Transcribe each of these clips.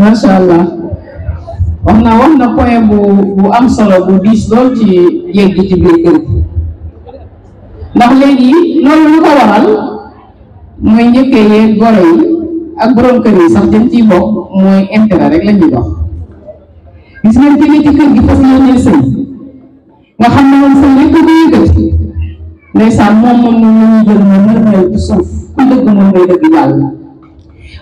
Masya Allah. Wahna na wax na bu bu am solo bu diis lool ci yegg ci biir kër ndax léegi loolu lu ko waral mooy njëkkee yeeg goro yi ak borom kër yi sax jëm ciy bokk mooy intérêt rek la ñuy dox gis ngeen ci ci kër gi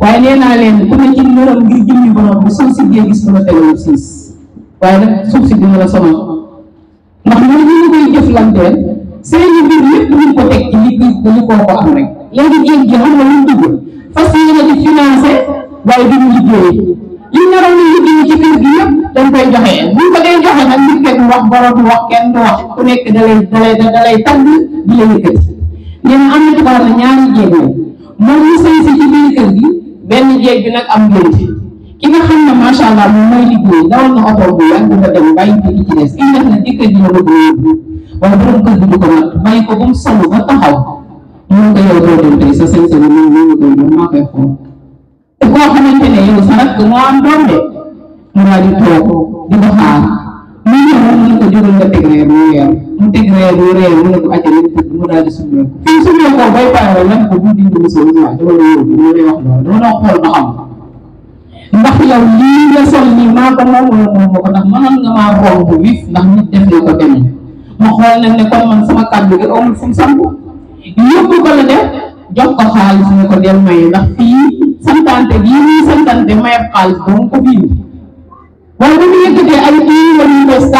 waaye nee naa ku ne ci ngërëm ngir jëmmi borom bi suuf si dee gis bu la tegoon siis waaye nag suuf dina la sonal ndax ñun ñu ngi koy jëflanteel seen mbir yëpp ñu ko teg ci li ko ko ko am rek léegi jéeg ji xam nga lu dugg fas yéene di financé waaye duñ liggéey li naroon na liggéey ci kër gi yëpp dañ koy joxe bu ko joxe nit kenn wax borom du wax kenn du wax ku nekk di ñaari ñu ci kër gi benn jeeg bi nag am ngénte ki nga xam ne macha allah moom mooy liggéey dawal na oto bu yàgg dafa dem bàyyi ko ci ki nga xam ne jëkkër ji la bëgg yóbbu wala ba mu sonn ba ko yow de mu daal di toog di ko xaar Juga nga tigre ruya mu tigre ruya mu na ko ajani ti mu daal di suñu ko fi suñu ko Kau bay la ko bu dindi mu suñu wax dama lay yow dama lay wax lool dama la xol ba xam ndax yow li mau, sol ni ma ko mom wala mom ko ndax manan sama kaddu gi amul fu sambu yobbu ko la def jox ko xaalis ne ko del may ndax fi santante gi santante may xaalis do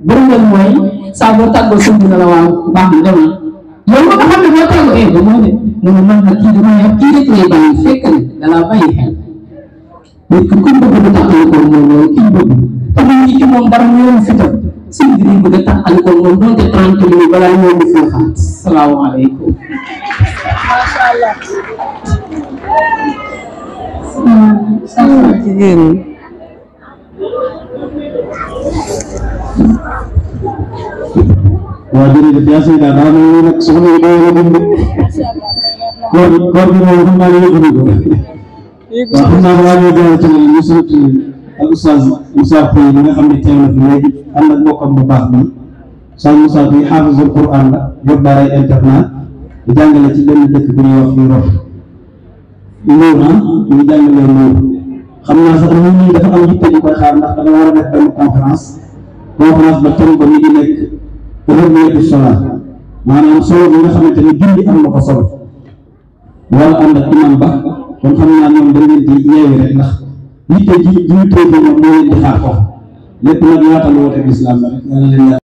bari leen mooy saa boo tàggoo sëñ la waaw baax na demal yow ma xam ne boo tàggoo eh ba moo de mu ne man dama yab kii rek lay bàyyi fekk ne da laa bàyyi xel bëgg bëgg ci dara yoon bëgg minutes allah Wadir biasa tidak ada yang semua itu yang bintik. Kor kor di mana mana itu bintik. Bahkan nama lagi dia Aku saz Yusuf ini nak kami cakap lagi. mau kamu bahmi. Saya Yusuf hafiz quran lah. Berbara Jangan lagi cuma dekat dunia firman. Nur ha, jangan Kami rasa ini dapat kami di perkara nak orang nak kami konferensi. conférence ba thème ba mi ngi nekk ahamiyatu salaat maanaam solo bi nga xamante ne julli am na ko solo wala ànd ak imam ba kon xam naa ñoom dañ leen di yeewi rek ndax yitte ji jiw tey jii moo leen di xaar lépp nag yaatal woote bi islam la rek yàlla leen